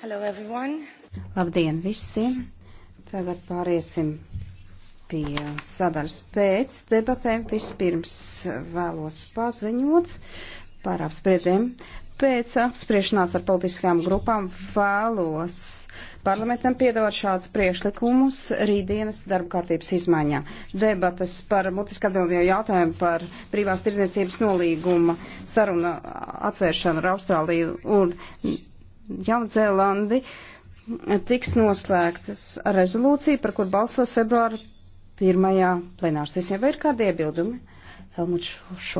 Hello everyone. Labdien visiem! Tagad pāriesim pie sadaļas pēc debatēm. Vispirms vēlos paziņot par apspriediem. Pēc apspriešanās ar politiskajām grupām vēlos parlamentam piedāvāt šādus priekšlikumus rītdienas darba kārtības izmaiņā. Debates par mutiski atbildīgo jautājumu par privās tirdzniecības nolīguma sarunu atvēršanu ar Austrāliju un Jaunzēlandi tiks noslēgtas rezolūcija, par kur balsos februāra pirmajā plenārsesijā. Vai ir kādi iebildumi? Helmut Šo.